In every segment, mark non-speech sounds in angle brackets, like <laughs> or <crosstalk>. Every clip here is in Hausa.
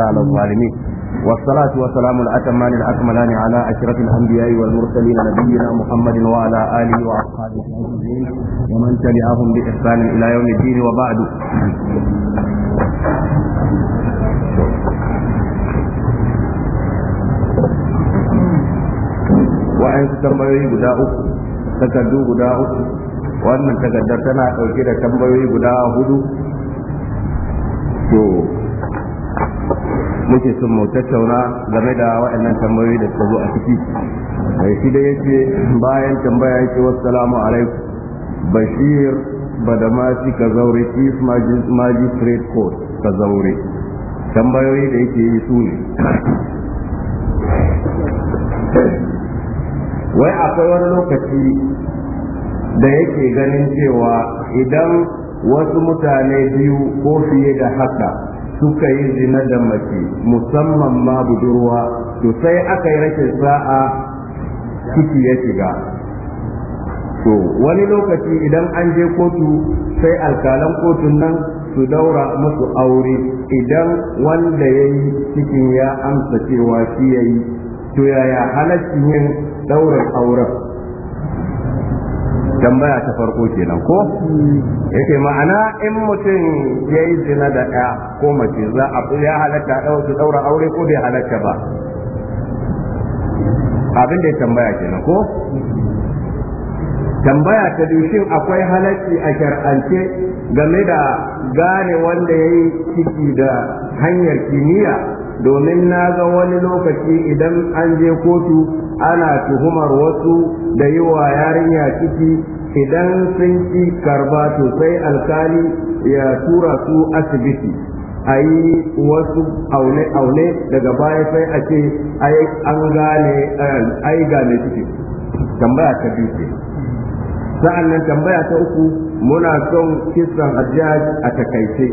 على الظالمين والصلاة والسلام الأتمان الأكملان على أشرف الأنبياء والمرسلين نبينا محمد وعلى آله وأصحابه أجمعين ومن تبعهم بإحسان إلى يوم الدين وبعد وأن تتمري guda uku takardu وأن uku أو كده تمري ɗauke da muke son mu tattauna game da waɗannan tambayoyi da suka zo a ciki mai shi da yake bayan tambaya yake wassalamu alaikum bashir badamasi ka zaure chief magistrate court ka zaure tambayoyi da yake yi su ne wai akwai wani lokaci da yake ganin cewa idan wasu mutane biyu ko fiye da haka suka yi zina da mace musamman ma budurwa to sai aka yi rashin sa'a ciki ya shiga to wani lokaci idan an je kotu sai alkalan kotun nan su daura musu aure idan wanda ya yi cikin ya amsa cewa shi ya yi to yaya halaccin yin daura auren tambaya ta farko kenan ko yake ma'ana in mutum ya yi zina da ɗaya ko mace za a ya halatta ɗau su ɗaura aure ko bai halatta ba abin da ya tambaya kenan ko tambaya ta dushin akwai halatti a shar'ance game da gane wanda ya yi ciki da hanyar kimiyya domin na ga wani lokaci idan an je kotu ana tuhumar wasu da yi wa yarinya ciki idan sun ki karba to sai alkali ya tura su asibiti a yi wasu aune-aune daga baya sai a ce an gane eh, ai gane ciki tambaya ta biyu ce sa'an nan tambaya ta uku muna son kisan hajjaj a takaice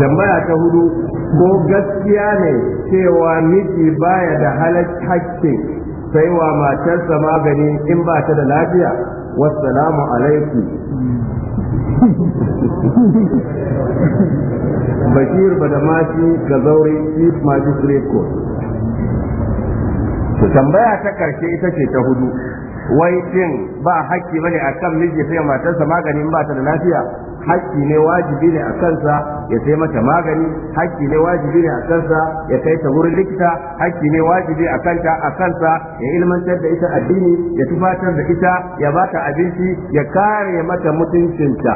tambaya ta hudu ko gaskiya ne cewa miji baya da hakkin sai wa matarsa magani in ba ta da lafiya wassalamu alaikum <laughs> bashir mashi ga zaure chief magistrate court tambaya ta karshe ita ce ta hudu wai din ba haƙƙi bane akan miji sai matarsa maganin ba ta da lafiya Haƙƙi ne wajibi ne a kansa ya sai mata magani Haƙƙi ne wajibi ne a kansa ya kai ta wurin likita Haƙƙi ne wajibi a kanta a kansa ya ilmantar da ita addini ya tufatar da ita ya ba ta abinci ya kare mata mutuncinta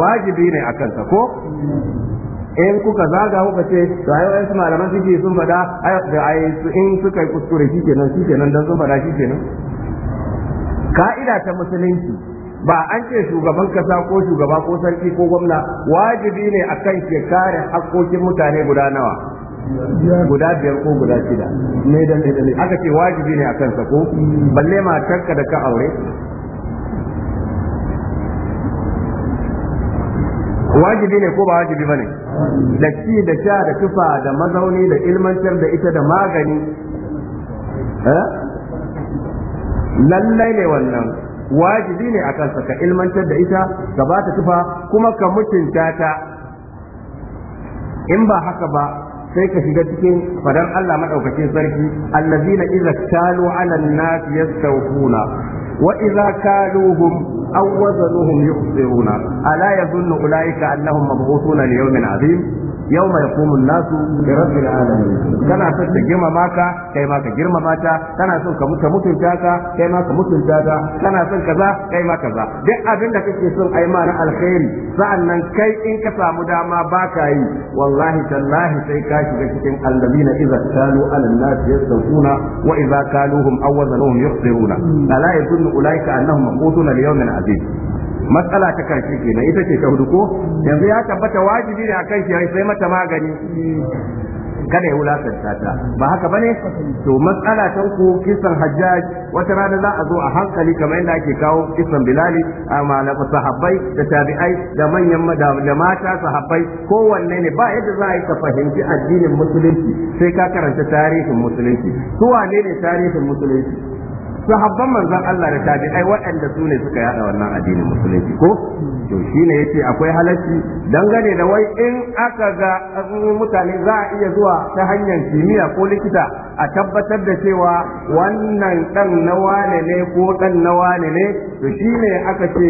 wajibi ne a kansa ko in kuka zaga kuka ce to ai su malaman suke sun fada ai in suka yi kuskure shikenan shikenan dan sun fada shikenan ka'ida ta musulunci ba an ce shugaban kasa ko shugaba ko sarki ko gwamna wajibi ne akan ke kare hakkokin mutane guda nawa guda biyar ko guda shida me da me da aka ce wajibi ne akan sa ko balle matarka da ka aure wajibi ne ko ba wajibi bane ne da ci da sha da tufa da mazauni da ilmantar da ita da magani eh? lallai ne wannan wajibi ne a kansa ka ilmantar da ita ka ba ta tufa kuma ka mutunta ta in ba haka ba sai ka shiga cikin fadar Allah madaukakin sarki allazina iza talu ala an-nas yastawfuna wa iza kaluhum أو وزنهم يخسرون ألا يظن أولئك أنهم مبعوثون ليوم عظيم Yau mai an-nasu da rabbil alamin kana son ta girmama ka kai ma ka girmama ta kana son ka mutunta ka kai ma ka mutunta ta kana son kaza kai ma kaza duk abin da kake son ai ma na alkhairi sa'annan kai in ka samu dama ba ka yi wallahi tallahi sai ka shiga cikin alladina idza kanu ala an-nas yastawuna wa idza kaluhum aw wazanuhum yukhsiruna ala yadhunnu ulaika annahum maqutuna li yawmin azim matsala ta karshe kenan ita ce ta hudu ko yanzu ya tabbata wajibi ne akan shi sai mata magani kada ya wulakanta ta ba haka bane to matsala ta uku kisan hajjaj wata rana za a zo a hankali kamar yadda ake kawo kisan bilali a malaka sahabbai da tabi'ai da manyan da mata sahabbai kowanne ne ba yadda za a yi ka fahimci addinin musulunci sai ka karanta tarihin musulunci su wane ne tarihin musulunci sahabban manzon Allah da tabi'ai waɗanda su ne suka yada wannan addinin musulunci ko to shine yace akwai halacci dangane da wai in aka ga mutane za a iya zuwa ta hanyar kimiyya ko likita a tabbatar da cewa wannan dan na wane ne ko dan na wane ne to shine aka ce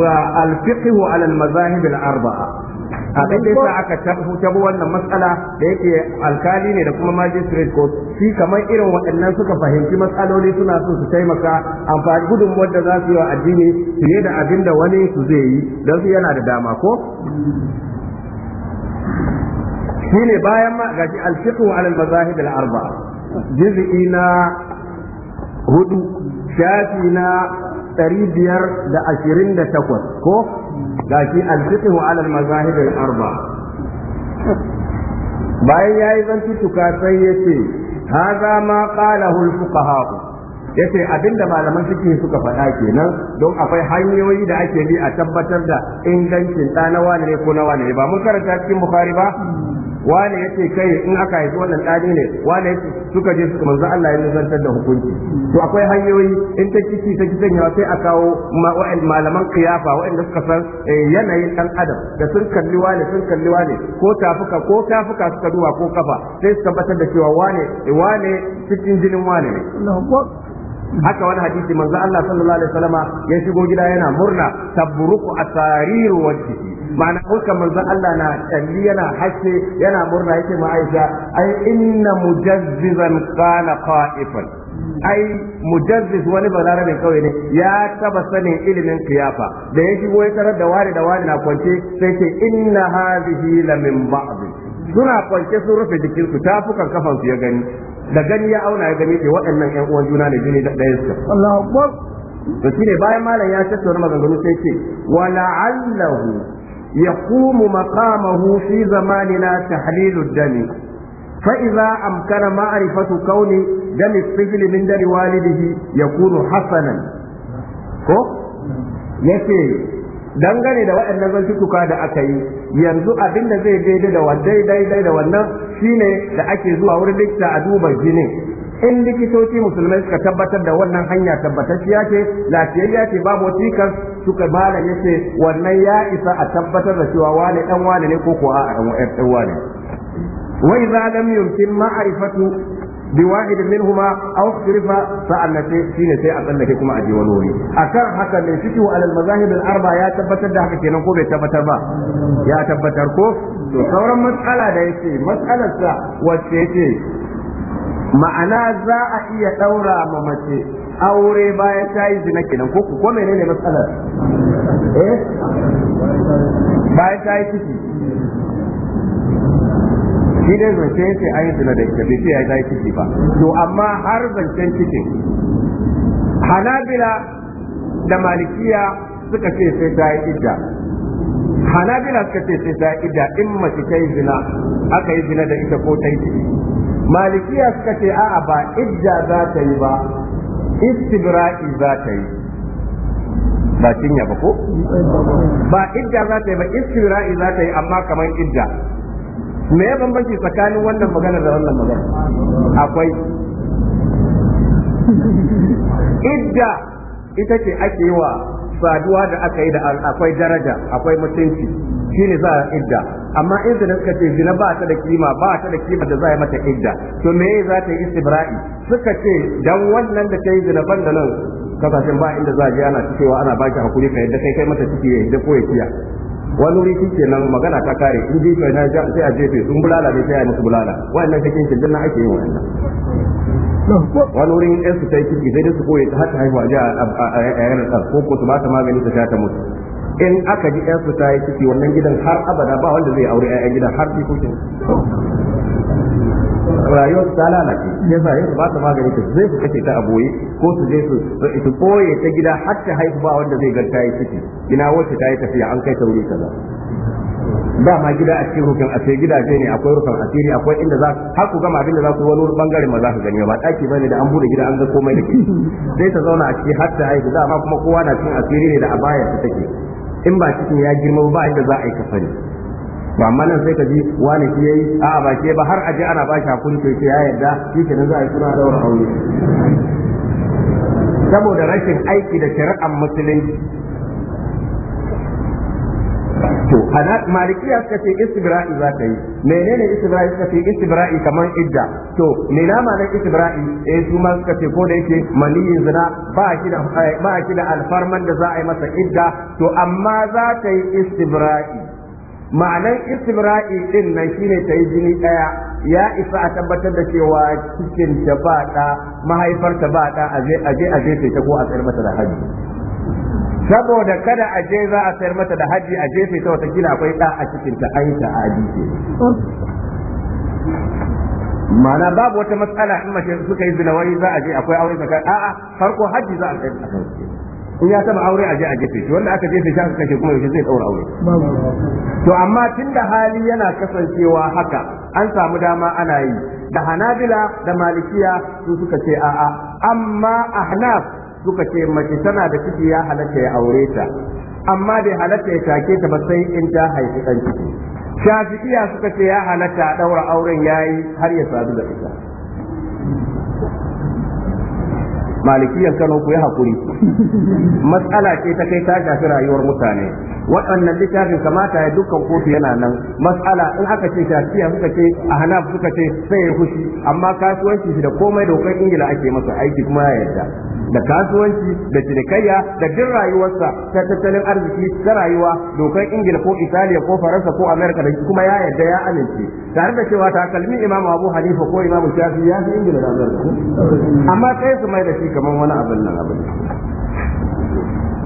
ma al-fiqhu ala al-mazahib al-arba'a abin da yasa aka tabo wannan matsala da yake alkali ne da kuma magistrate court shi kamar irin waɗannan suka fahimci matsaloli suna so su taimaka amfani gudun wanda za su yi wa addini fiye da abin da wani su zai yi don su yana da dama ko Shi ne bayan ma gaji alfiqhu ala al-mazahib al arba juz'i na hudu shafi na 528 ko gashi al-fiqhu ala al-mazahib al-arba bayan yayi zantuttuka sai yace hadha ma qalahu al-fuqaha yace abinda malaman fiqh suka faɗa kenan don akwai hanyoyi da ake bi a tabbatar da ingancin ɗa na wani ne ko na wani ba mun karanta cikin bukhari ba wane ce kai in aka haifi wannan ɗani ne wane ce suka je suka manzo Allah ya nusantar da hukunci to akwai hanyoyi in ta kici ta kici sanyawa sai a kawo malaman kiyafa waɗanda suka san eh, yanayin ɗan adam da sun kalli wane sun kalli wane ko tafuka ko tafuka suka duba ko kafa sai su tabbatar da cewa wane wane cikin jinin wane ne haka wani hadisi manzo Allah sallallahu alaihi wasallama ya shigo gida yana murna tabruku asariru wajhihi ma'ana hukkan manzo Allah na kalli yana haske yana murna yake ma Aisha ai inna mujazzizan qala qa'ifan ai mujazziz wani balarabin kauye ne ya taba sanin ilimin kiyafa da ya shigo ya tarar da wani da wani na kwance sai ce inna hadhihi la min ba'd suna kwance sun rufe jikinsu tafukan kafansu ya gani da gani ya auna ya gani ke waɗannan ƴan uwan juna ne jini da ɗayan su Allahu akbar to ne bayan malam ya tattauna maganganu sai ce allahu yaqumu maqamahu fi zamanina Tahlilu dami idza amkana ma'rifatu kauni Dami sifil min dari walidihi Yakunu hasanan ko yace dangane da waɗannan zantuka da aka yi yanzu abin da zai daidai da wannan daidai da wannan shine da ake zuwa wurin likita a duba jini in likitoci musulmai suka tabbatar da wannan hanya tabbatacciya ce lafiyayya ce babu wasikan suka bala yace wannan ya isa a tabbatar da cewa wane dan wane ne ko kuwa a dan wane wa idza lam yumkin ma'rifatu بواحد منهما أو اختلف فأنا شيء شيء أقل لكم أجي ونوري أكر حتى من فيه على المذاهب الأربعة يا تبتر ده حكي نقول يتبتر با يا تبتر كوف تصور مسألة ده يسي مسألة سا وشيتي ma'ana za a iya ɗaura ma mace aure bayan ta yi zina kenan ko ko menene matsalar eh bayan ta yi ciki shi dai zance yace ayi zina da ita bai ce ya yi ciki ba to amma har zancen cikin hanabila da malikiya suka ce sai ta yi idda hanabila suka ce sai ta yi idda in mace ta yi zina aka yi zina da ita ko ta yi ciki malikiya suka ce a'a ba idda za ta yi ba istibra'i za ta yi ba cinya ba ko ba idda za ta yi ba istibra'i za ta yi amma kamar idda me ya bambanci tsakanin wannan magana da wannan magana akwai idda ita ce ake wa saduwa da aka yi da akwai daraja akwai mutunci shine za a idda amma in da suka ce zina ba ta da kima ba ta da kima da za a mata idda to me za ta yi istibra'i suka ce dan wannan da ta yi zina ban da nan kasashen ba inda za a je ana cewa ana ba ki hakuri ka yadda kai kai mata ciki ya yadda ko ya kiya wani wuri shi kenan magana ta kare in jefe na sai a jefe sun bulala ne sai a musu bulala wannan cikin shi dinnan ake yin wannan wani wurin yan su sai ciki sai su koye ta hata haihuwa ji a yayin da ko ko su ba ta magani ta sha ta mutu in aka ji yan su ta yi ciki wannan gidan har abada ba wanda zai aure yayan gidan har jikokin rayuwar ta lalace ya sa yau ba ta magani ta zai su kace ta aboye ko su je su su koye ta gida har ta haihu ba wanda zai garta yi ciki ina wacce ta yi tafiya an kai ta wuri kaza Ba ma gida a cikin rufin asiri gidaje ne akwai rufin asiri akwai inda za har ku gama abinda za ku wani bangare ma za ka gani ba daki bane da an bude gida an ga komai da ke sai ta zauna a ciki har ta haihu ma kuma kowa na cikin asiri ne da abaya ta take in ba cikin ya girma ba inda za a yi kafani ba amma nan sai ka ji wani shi yayi a ba ke ba har aje ana ba shi hakuri to ya yarda shi nan za a yi suna daura aure saboda rashin aiki da shari'ar musulunci to hana malikiya suka ce istibra'i za ta yi menene istibra'i suka ce istibra'i kamar idda to me na istibra'i eh su ma suka ce ko da yake maniyin zina ba shi da eh, ba shi da alfarman da za a yi masa idda to amma za ta yi istibra'i ma'anan istibra'i din nan shine ta yi jini ɗaya ya isa a tabbatar da cewa cikin ta ba mahaifar ta ba da a je a je ta ko a tsayar mata da haji saboda kada a je za a tsayar mata da haji a sai ta kila akwai ɗa a cikin ta aita ta aji ce ma'ana babu wata matsala in mace suka yi zinawari za a je akwai aure tsakanin a'a farko haji za a tsayar da kan in ya taba aure a je a gefe shi wanda aka gefe shi aka kashe kuma yaushe zai daura aure to amma da hali yana kasancewa haka an samu dama ana yi da hanabila da malikiya su suka ce a'a amma ahnaf suka ce mace tana da ciki ya halatta ya aure ta amma bai halatta ya take ta ba sai in ta haifi dan ciki shafi'iya suka ce ya halatta daura auren yayi har ya sadu da ita malikiyan Kano ku yi hakuri matsala ce ta kai ta shafi rayuwar mutane waɗannan littafin kamata ya dukkan kotu yana nan matsala in aka ce shafiya suka ce a hanaf suka ce sai ya fushi amma kasuwanci shi da komai da ingila ake masa aiki kuma ya yarda da kasuwanci da cinikayya da duk rayuwarsa ta tattalin arziki ta rayuwa dokar ingila ko italiya ko faransa ko amerika da kuma ya yarda ya amince tare da cewa takalmi imamu abu Halifa ko imamu shafi ya fi ingila da amerika amma kai su mai da shi kamar wani abin nan abin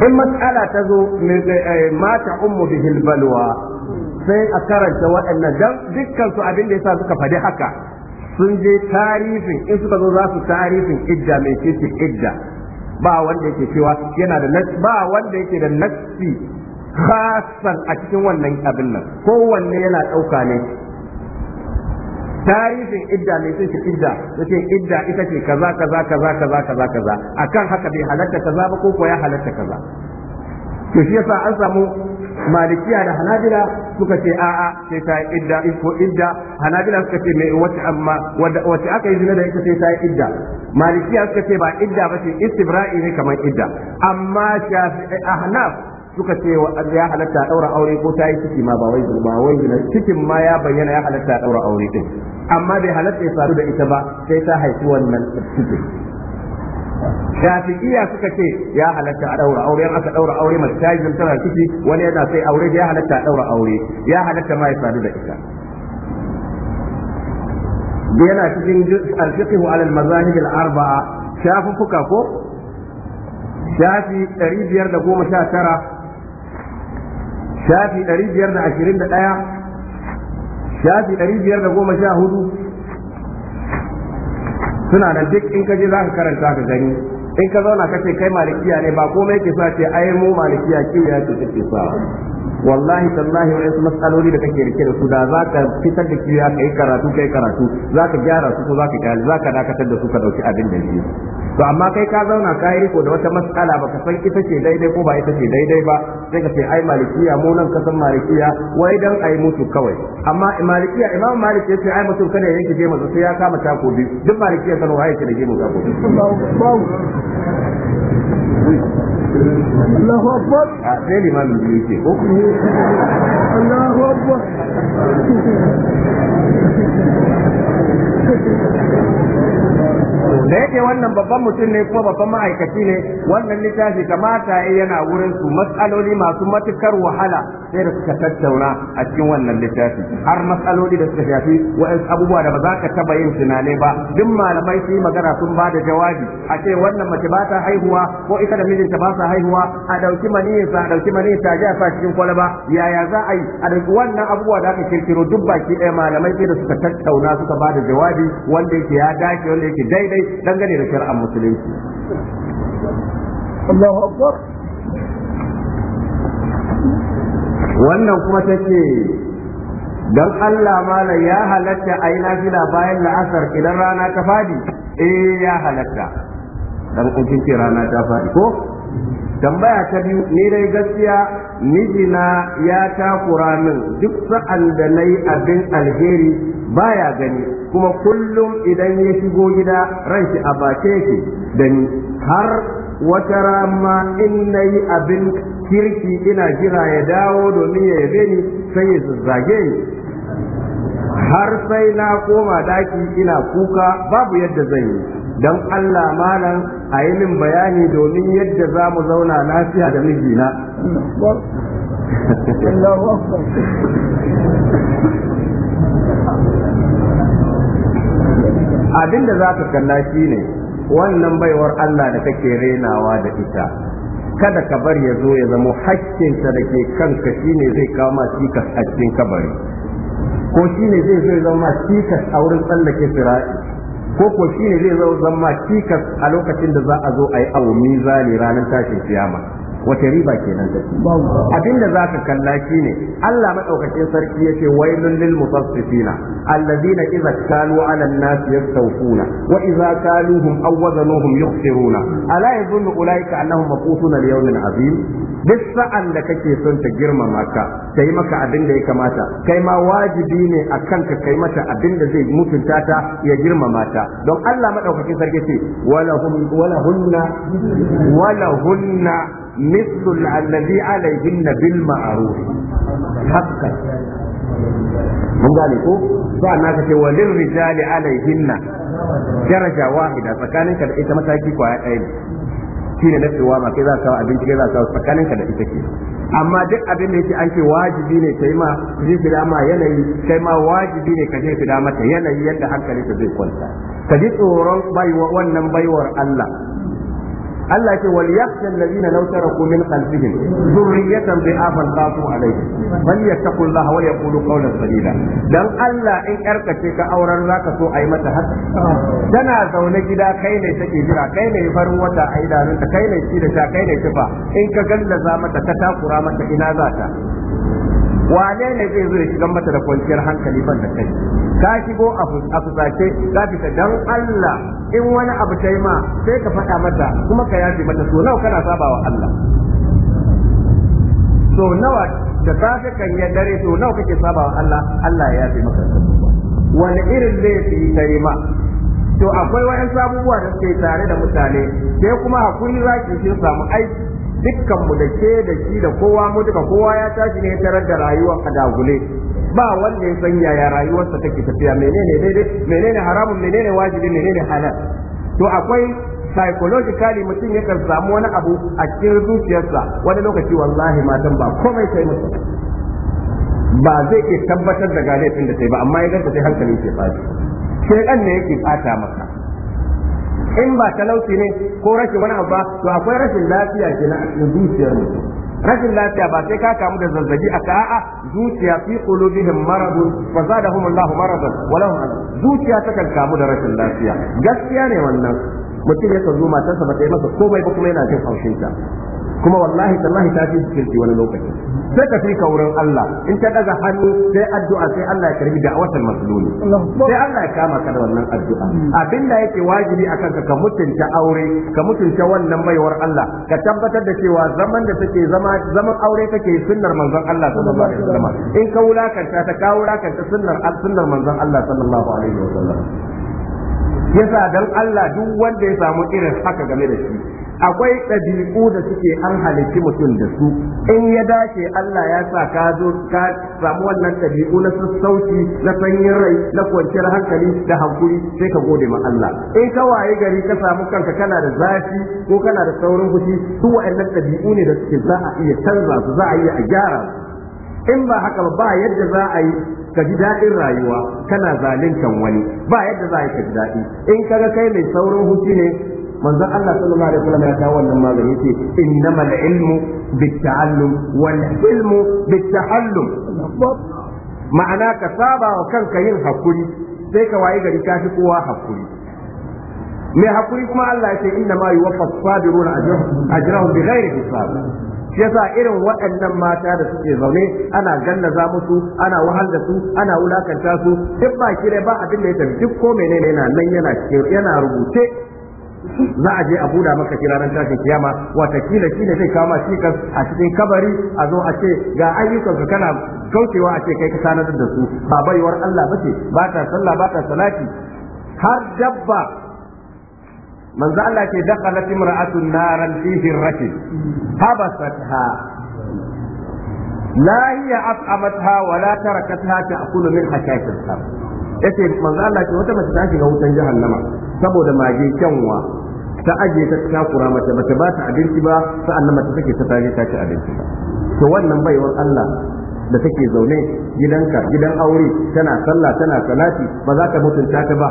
in mas'ala ta zo eh, mata ummu bi hilbalwa sai a karanta waɗannan dan dukkan su abin da yasa suka faɗi haka sun je tarihin, in suka zo za su tarifin idda mai ce idda ba wanda yake cewa yana da ba wanda yake da nafsi khasan a cikin wannan abin nan kowanne yana ɗauka ne tarihin idda ne sai idda yace idda ita ce kaza kaza kaza kaza kaza kaza akan haka bai halatta kaza ba ko ya halatta kaza to shi yasa an samu malikiya da hanabila suka ce a'a sai ta idda ko idda hanabila suka ce mai wace amma wace aka yi zina da ita sai ta idda malikiya suka ce ba idda ba ce istibra'i ne kamar idda amma shafi ahnaf suka ce wa ya halatta daura aure ko ta yi ciki ma ba wai ba wai zina cikin ma ya bayyana ya halatta daura aure din amma bai halatta ya faru da ita ba sai ta haifi wannan cikin shafi'iyya suka ce ya halatta a daura aure in aka daura aure mai ta yi tana ciki wani yana sai aure ya halatta a daura aure ya halatta ma ya sadu da ita yana cikin alfiqhu ala al-mazahib al-arba'a shafuffuka ko shafi 519 shafi 521 shafi 514 suna da duk in ka je za ka karanta ka gani in ka zauna ka ce kai malikiya ne ba komai ke sa ce ai mu malikiya kiwo ya ce take sa wallahi tallahi wa yasu matsaloli da kake rike da su da za ka fitar da kiyaye ka yi karatu kai karatu za ka gyara su ko za ka gyara za ka dakatar da su ka dauki abin da yake to amma kai ka zauna ka yi riko da wata matsala baka san ita ce daidai ko ba ita ce daidai ba sai ka ce ai malikiya mu nan kasan malikiya wai dan ai mutu kawai amma malikiya imam malik ya ce ai mutu kada ya je mazu sai ya kama takobi biyu duk malikiya kan waye ce da jema tako takobi. Allahu akbar a sai limamin biyu ce ko Allahu da yake wannan babban mutum ne kuma babban ma'aikaci ne wannan littafi kamata yana wurin su matsaloli masu matukar wahala sai da suka tattauna a cikin wannan littafi har matsaloli da suka shafi wa'ansu abubuwa da ba za ka taba yin tunani ba duk malamai su yi magana sun ba da jawabi a ce wannan mace ba ta haihuwa ko ita da mijinta ba sa haihuwa a ɗauki maniyinsa a dauki maniyinsa ya sa cikin kwalaba yaya za a yi a dauki wannan abubuwa da aka kirkiro duk baki ɗaya malamai sai da suka tattauna suka ba da jawabi wanda yake ya dace wanda yake daidai dangane da shari'ar musulunci الله أكبر wannan kuma ta ce don Allah mala ya halatta a yi nafila bayan la'asar idan rana ta fadi eh ya halatta dan kun ce rana ta fadi ko tambaya ta biyu ni dai gaskiya mijina ya takura min duk sa'an da na yi abin alheri baya gani kuma kullum idan ya shigo gida ranshi a bace yake da ni har wata rama in na yi abin kirki ina jira ya dawo domin ya yabe ni sai ya zazzage ni har sai na koma daki ina kuka babu yadda zan yi don Allah malam a yi min bayani domin yadda za mu zauna lafiya da mijina abin da za ka kalla shi ne wannan baiwar Allah da kake rainawa da ita kada ka bar ya zo ya zama hakkinsa da ke kanka ne zai kawo ma cikas a cikin kabari ko shi ne zai zo ya zama cikas a wurin tsallake sira'i ko ko ne zai zo zama cikas a lokacin da za a zo a yi awo mizani ranar tashin kiyama wace riba kenan abinda za ka kalla ne. Allah maɗaukakin sarki yace wai lil mutaffifina allazina idza kanu ala an-nas yastawfuna wa idza kaluhum aw wazanuhum yukhsiruna ala yadhunnu ulaika annahum maqutuna liyawmin azim duk sa'an da kake son ta girmama ka kai maka abin da ya kamata kai ma wajibi ne akan ka kai mata abin da zai mutunta ta ya girmama ta don Allah maɗaukakin sarki ce wala hunna wala hunna مثل الذي عليهن بالمعروف حقا mun gane ko ba na kace walin rijali alaihinna daraja wahida tsakaninka da ita mataki kwaya ɗaya ne na tsewa ma kai za ka abinci kai tsakaninka da ita ke amma duk abin da yake an ce wajibi ne kai ma zai fi dama yanayi kai ma wajibi ne ka je yanayi yadda zai kwanta ka ji tsoron wannan baiwar Allah Allah ce wal yakhsha alladhina law taraku min khalfihim dhurriyatan bi'afan qatu alayhi bal yattaqullaha ya yaqulu qawlan sadida dan Allah in karkace ka auren zaka so ayi mata haka tana zaune gida kai ne take jira kai ne farin wata a idanunta kai ne shi da sha kai ne kifa in ka gallaza mata ka takura mata ina za ta wane ne zai zo ya shiga mata da kwanciyar hankali ban da kai ka shigo a fusace za ka ta dan Allah in wani abu ta ma sai ka faɗa mata kuma ka yafe mata so nawa kana sabawa Allah so nawa da safe kan ya dare so nawa kake wa Allah Allah ya yafe maka wani irin laifi ta yi ma to akwai wa'yan sabubuwa da suke tare da mutane sai kuma hakuri zaki shi samu aiki dukkan mu da ke da shi da kowa mu duka kowa ya tashi ne tarar da rayuwar a dagule ba wanda ya san yaya rayuwarsa take tafiya menene daidai menene haramun menene wajibi menene halal to akwai psychologically mutum ya yakan samu wani abu a cikin zuciyarsa wani lokaci wallahi matan ba komai sai musu ba zai iya tabbatar da galibin da sai ba amma ya ganta sai hankalin ke fashi shekan ne yake fata masa in ba talauci ne ko rashin wani abu ba to akwai rashin lafiya kenan a zuciyar mutum rashin lafiya ba sai ka kamu da zazzabi a ka'a zuciya fi qulubihim maradun fa zadahum Allahu maradan walau zuciya ta kan kamu da rashin lafiya gaskiya ne wannan mutum ya zo matarsa ba ta yi masa komai ba kuma yana jin haushin ta kuma wallahi tallahi ta fi kirki wani lokaci sai ka fi wurin Allah in ka daga hannu sai addu'a sai Allah ya karbi da'awatul maslumi sai Allah ya kama ka da wannan addu'a abinda yake wajibi a kanka ka mutunta aure ka mutunta wannan baiwar Allah ka tabbatar da cewa zaman da take zama zaman aure take sunnar manzon Allah sallallahu alaihi wasallam in ka wulakanta ta ka wulakanta sunnar sunnar manzon Allah sallallahu alaihi wasallam yasa dan Allah duk wanda ya samu irin haka game da shi akwai ɗabi'u da suke an halitti mutum da su in ya dace Allah ya sa ka zo ka samu wannan ɗabi'u na sassauci na sanyin rai na kwanciyar hankali da hankuri sai ka gode ma Allah in ka waye gari ka samu kanka kana da zafi ko kana da saurin fushi su wa'annan ɗabi'u ne da suke za a iya canza su za a iya a gyara in ba haka ba yadda za a yi ka ji daɗin rayuwa kana zaluntan wani ba yadda za a yi ka ji daɗi in kaga kai mai saurin hutu ne manzon Allah sallallahu alaihi wasallam ya kawo wannan magani yace innamal ilmu bitta'allum wal ilmu bitta'allum ma'ana ka saba wa kanka yin hakuri sai ka wayi gari ka fi kowa hakuri mai hakuri kuma Allah ya ce inna ma yuwaffa sabiruna ajrahum bighairi hisab yasa irin waɗannan mata da suke zaune ana gallaza musu ana wahal da su ana wulakanta su duk ba kire ba abin da ya tafi duk ko menene yana nan yana yana rubuce za a je a buda maka shi ranar tashin kiyama wata kila shi ne zai kama shi a cikin kabari a zo a ce ga ayyukan ka kana kaucewa a ce kai ka sanar da su ba baiwar Allah bace ba ta sallah ba ta salati har dabba manzo Allah ke lati mar'atun naran fi hirrati habasatha la hiya at'amatha wa la tarakatha ta'kulu min hashashil sam yace manzo Allah ke wata mace ta shiga wutan jahannama saboda mage kyanwa ta ajiye ta takura mace bata ba ta abinci ba sa'annan mace take ta tare ta ci abinci to wannan baiwar Allah da take zaune gidanka gidan aure tana sallah tana salati ba za ka mutunta ta ba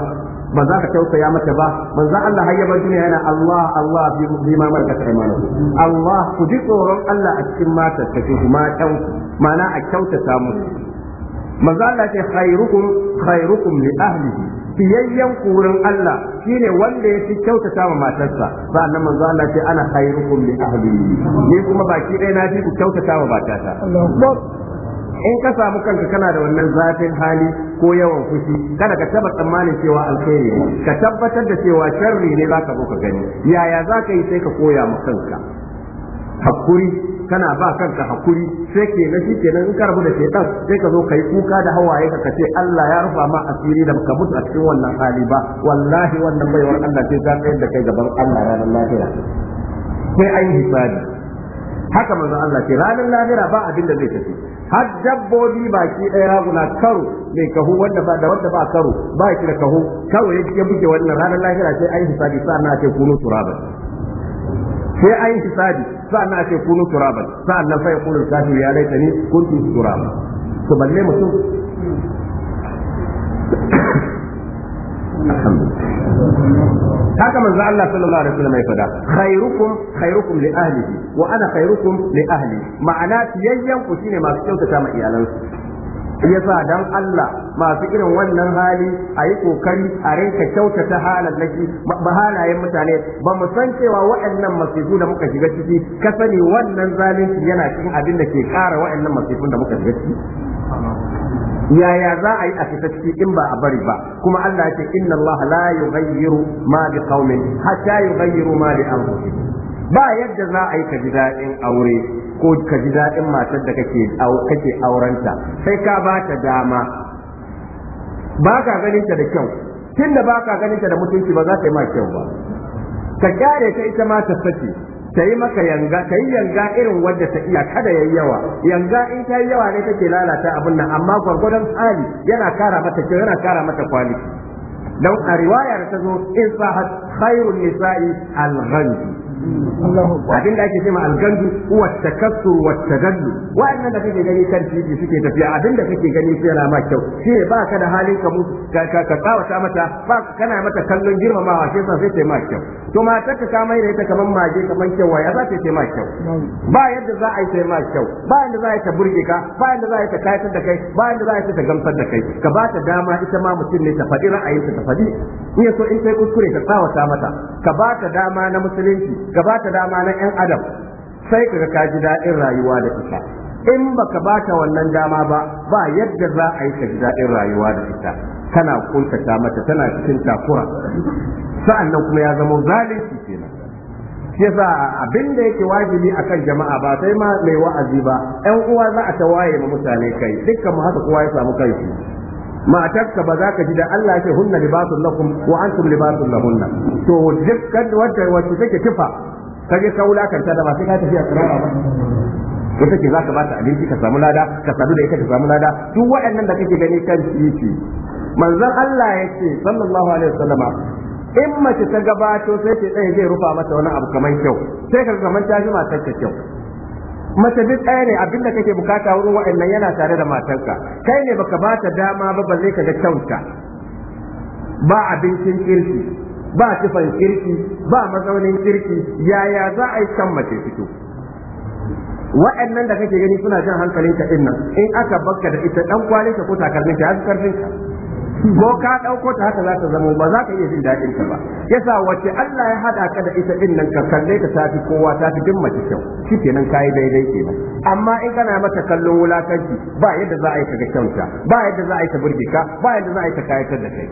ba za ka tausaya mata ba manzo Allah har yabar duniya yana Allah Allah bi bi ma marka kaimana Allah ku ji tsoron Allah a cikin mata take kuma kyau ma'ana a kyautata musu manzo Allah ce khairukum khairukum li ahlihi fiyayyen kurin Allah shine wanda ya fi kyautata wa matarsa nan manzo Allah ce ana khairukum li ahli ni kuma baki ɗaya na fi ku kyautata wa matasa. in ka samu kanka kana da wannan zafin hali ko yawan fushi kada ka taba tsammanin cewa alkhairi ka tabbatar da cewa sharri ne zaka zo ka gani yaya zaka yi sai ka koya ma kanka hakuri kana ba kanka hakuri sai na shi kenan in ka rabu da shaitan sai ka zo kai kuka da hawaye ka kace Allah ya rufa ma asiri da ka mutu a cikin wannan hali ba wallahi wannan baiwar Allah ce ta tsayar da kai gaban Allah ranar lahira sai ai hisabi haka manzo Allah ce ranar lahira ba abin da zai tafi har dabbobi baki ɗaya raguna karo mai kaho wanda ba da wanda ba karo ba shi da kaho kawai ya buge wannan ranar lahira sai ai hisabi sa na ce kunu turaba sai an yi hisabi sa'an nan a ce kunu turaban sa'an nan sai kunu kafi ya laita ni kuntu turaban to balle mutum <coughs> haka manzo Allah sallallahu alaihi wasallam ya fada khairukum khairukum li ahlihi wa ana khairukum li ahli ma'ana yayyan ku shine masu kyautata ma iyalansu yasa dan Allah masu irin wannan hali a yi kokari a rinka kyautata halallaki ba halayen mutane ba mu san cewa waɗannan masifu da muka shiga ciki ka sani wannan zalunci yana cikin abin da ke ƙara waɗannan masifun da muka shiga ciki yaya za a yi a fita ciki in ba a bari ba kuma Allah ya ce inna Allah la yughayyiru ma bi qaumin hatta yughayyiru ma bi anfusihim ba yadda za a yi ka ji daɗin aure ko ka ji daɗin matar da kake kake aurenta sai ka ba ta dama ba ka ganin ta da kyau tun da ba ka ganin ta da mutunci ba za ta yi ma kyau ba ka kyare ta ita ma ta sake ta yi maka yanga ta yi yanga irin wadda ta iya kada yayi yawa yanga in ta yi yawa ne take lalata abin nan amma gwargwadon tsari yana kara mata kyau yana kara mata kwaliti don a riwayar ta zo in sa khairun nisa'i al abin da ake cewa algandu ta takassur wa gandu wa'annan da kake gani kan titi suke tafiya abin da kake gani su yana ma kyau shi ne ba ka da halin ka mutu, ka ka kawata mata ba kana mata kallon girmamawa shi yasa sai ta ma kyau to matar ka ka mai da ita kaman mage kaman kyau ya za ta yi ma kyau ba yadda za a yi ta ma kyau ba yadda za a yi ta burge ka ba yadda za a yi ta kayatar da kai ba yadda za a yi ta gamsar da kai ka ba ta dama ita ma mutum ne ta faɗi ra'ayinta ta faɗi in so in sai kuskure ka tsawata mata ka ba ta dama na musulunci gabata dama na yan adam sai ka ka ji daɗin rayuwa da ita in baka bata wannan dama ba ba yadda za a yi ka ji daɗin rayuwa da ita tana kuntata mata tana cikin takura sa'an nan kuma ya zama zalunci kenan yasa abin da yake wajibi akan jama'a ba sai ma mai wa'azi ba 'yan uwa za a ta waye ma mutane kai dukkan mu haka kowa ya samu kai matarka ba za ka ji da Allah ya ce hunna libasun lakum wa antum libasun lahunna to dukkan wacce wacce take tufa kaje ka wulakanta da ba sai ka tafi a tsara ba ita ce za ka ba ta abinci ka samu lada ka sadu da ita ka samu lada duk waɗannan da kake gani kan titi manzon Allah ya ce sallallahu alaihi wasallama in mace ta gabato sai ce ɗaya zai rufa mata wani abu kamar kyau sai ka kamar ta ji matar kyau mace duk ɗaya ne abin da kake bukata wurin wa'annan yana tare da matanka kai ne baka ba ta dama ba balle ka ga kyauta ba abincin kirki ba tufan kirki ba mazaunin kirki yaya za a yi kan mace fito wa'annan da kake gani suna jan hankalinka ka nan in aka bakka da ita ɗan kwalinka ko takalminka ya fi karfinka. ko ka ɗauko ta haka za ta zama ba za ka iya jin daɗin ta ba yasa wace Allah ya haɗa ka da ita din nan ka kalle ta tafi kowa ta tafi din mace kyau shikenan kai daidai ba. amma in kana mata kallon wulakanci ba yadda za a yi ka ga kyauta ba yadda za a yi ta burge ka ba yadda za a yi ta kayatar da kai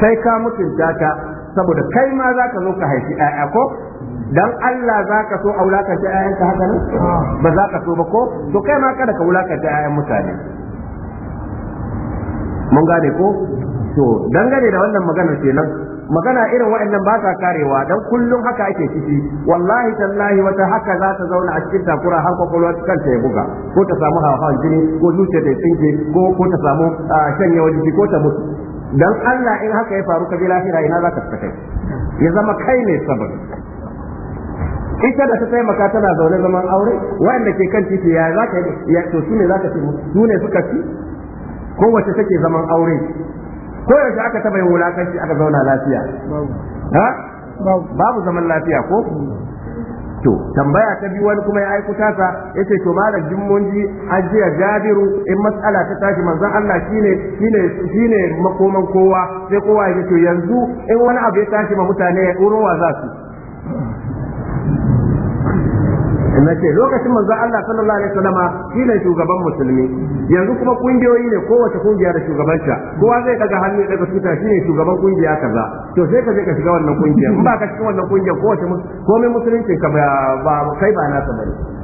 sai ka mutunta ta saboda kai ma za ka zo ka haifi ‘ya'ya ko dan Allah za ka so a wulakanta ‘ya'yanka haka nan ah. ba za ka so ba ko to kai ma kada ka wulakanta ‘ya'yan mutane mun gane ko to dangane da wannan magana kenan magana irin waɗannan ba sa karewa dan kullum haka ake ciki wallahi tallahi wata haka za ta zauna a cikin takura har kwakwalwa ya buga ko ta samu hawan jini ko zuciya ta tsinke ko ko ta samu shanyewa jiki ko ta mutu dan Allah in haka ya faru ka bi lafiya ina za ka tsaka ya zama kai ne sabon ita da ta taimaka tana zaune zaman aure waɗanda ke kan titi ya za ka ya to su za ka su ne suka fi? ko wace take zaman aure ko yaushe aka taba yin wulakanci aka zauna lafiya ha babu zaman lafiya ko to tambaya ta biyu wani kuma ya aiku tasa yace to malam jimmonji ajiya jabiru in matsala ta tashi manzon Allah shine shine shine makoman kowa sai kowa yace to yanzu in wani abu ya tashi ma mutane ya urowa za su ce lokacin manzon Allah sallallahu alaihi wasallama shine shugaban musulmi yanzu kuma kungiyoyi ne kowace kungiya da shugabanta kowa zai daga hannu daga tuta shine shugaban kungiya kaza to sai ka je ka shiga wannan kungiya in ba ka shiga wannan kungiya kowace komai musulunci ka ba kai ba ta bane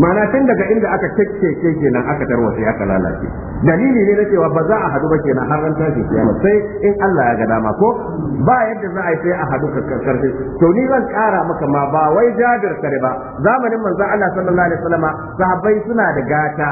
Mana tun daga inda aka kekkeke kenan aka tarwace aka lalace dalili ne na cewa ba za a hadu ba kenan har an tashi kiyama sai in Allah ya ga dama ko ba yadda za a yi sai a hadu ka karfe, to ni zan kara maka ma ba wai jabir kare ba zamanin manzo Allah sallallahu alaihi wasallama sahabbai suna da gata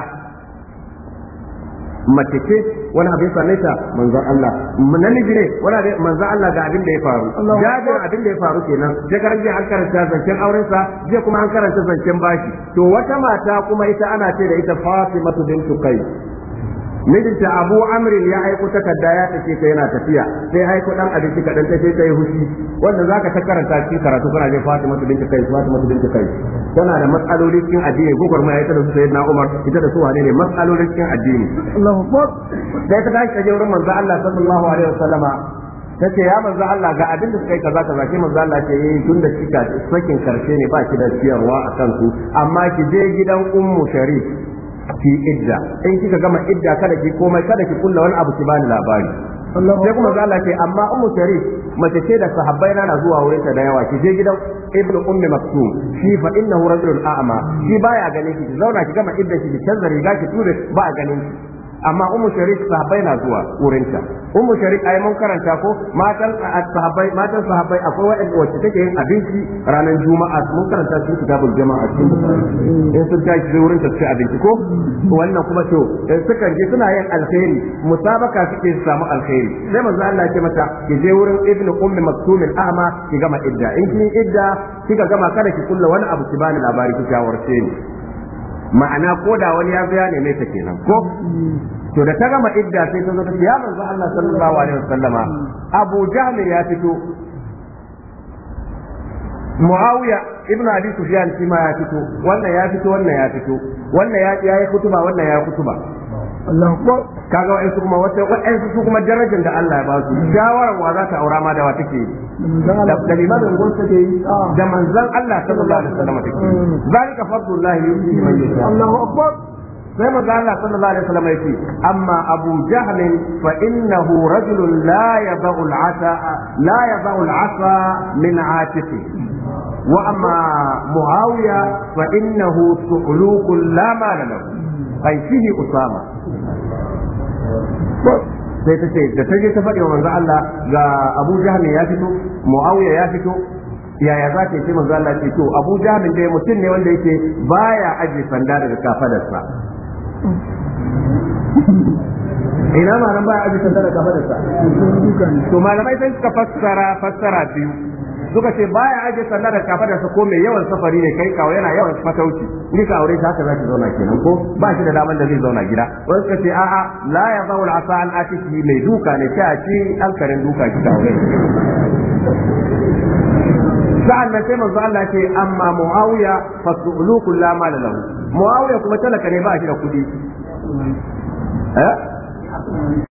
mace ce wani abin ta manzo Allah namiji ne wani abin manzo Allah ga abin da ya faru jabir abin da ya faru kenan shekaran jiya an karanta zancen auren sa jiya kuma an karanta zancen bashi to wata mata kuma ita ana ce da ita Fatimatu bintu Qais mijinta abu amrin ya aiko takarda ya tafi ka yana tafiya sai aiko dan abinci kadan tafi kai hushi wanda zaka ta karanta shi karatu kana je Fatima binta kai Fatima binta kai tana da matsaloli cikin addini gogor ma ta da su sayyidina Umar ita da su wane ne matsaloli cikin addini Allahu Akbar sai ta tashi je wurin manzo Allah sallallahu alaihi wasallama ta ce ya manzo Allah ga abin da suka yi kaza kaza ke manzo Allah ce yi eh, tun da kika sakin karshe ne ba ki da siyarwa akan ku amma ki je gidan ummu sharif ki idda in kika gama idda kada ki komai kada ki kulla wani abu ki bani labari sai kuma za Allah ce amma ummu sharif mace ce da sahabbai na na zuwa wurinta da yawa ki je gidan ibnu ummi maktum shi fa innahu rajulun a'ma shi baya ganin ki zauna ki gama idda ki canza riga ki ture ba a ganin ki amma ummu sharik sahabbai na zuwa wurinta ummu sharik ai mun karanta ko matan sahabbai matan sahabbai akwai wa'anda wacce take yin abinci ranar juma'a mun karanta cikin kitabul jama'a cikin mm. in sun tashi wurin wurinta su abinci ko mm. wannan kuma to sukan je suna yin alkhairi musabaka suke su samu alkhairi sai manzo Allah ya ce mata ki je wurin ibnu ummi maktum al-ahma ki gama idda in kin idda kika gama kada ki kulla wani abu ki bani labari ki shawarce ni ma'ana ko da wani ya zo ne mai ta kenan ko to da ta gama idda sai ta zo ta ce ya manzo Allah sallallahu alaihi wasallama Abu Jahl ya fito Muawiya ibn Abi Sufyan shi ma ya fito wannan ya fito wannan ya fito wannan ya yi kutuba wannan ya kutuba kaga wa'ansu kuma wata wa'ansu su kuma darajar da Allah ya ba su shawarar wa za ta aura ma da wa take yi da take yi ah. da manzon Allah sallallahu alaihi wasallam take yi hmm. zalika fadlullahi yuti man yasha Allahu akbar sai ga Allah sallallahu alaihi wasallam yake amma Abu Jahl fa innahu rajulun la yabau al-asa la yabau al-asa min atifi wa amma Muawiya fa innahu suqluqun la mala lahu kai shi Usama sai ta ce da ta je ta faɗi wa manzo Allah ga Abu Jahl ya fito Muawiya ya fito yaya za ta yi manzo Allah ce to Abu Jahl dai mutum ne wanda yake baya aje sanda daga kafadarsa <laughs> ina ma baya ba a kafa da sa to malamai sai suka fassara fassara biyu suka ce baya aje sallah da kafa da sa ko mai yawan safari ne kai kawo yana yawan fatauci ni ka aure ta haka zaki zauna kenan ko ba shi da daman da zai zauna gida wani suka ce a'a la ya zaul asa an atiki mai duka ne ta ci alkarin duka ki aure sa'an nan sai manzo Allah ce amma muawiya fa su'lu kullu ma lahu muawiya kuma talaka ne ba shi da kudi eh